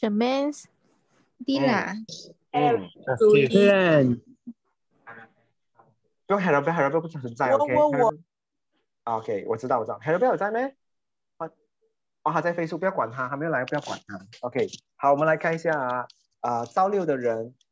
食 men's dinner at two pm。仲 hello，hello，hello，唔好意思唔在，O K。O K，我知道，我知道，hello，bear 有在咩？啊啊，他在飛速，不要管他，他沒有來，不要管他。O K，好，我們來看一下啊，啊，朝六的人。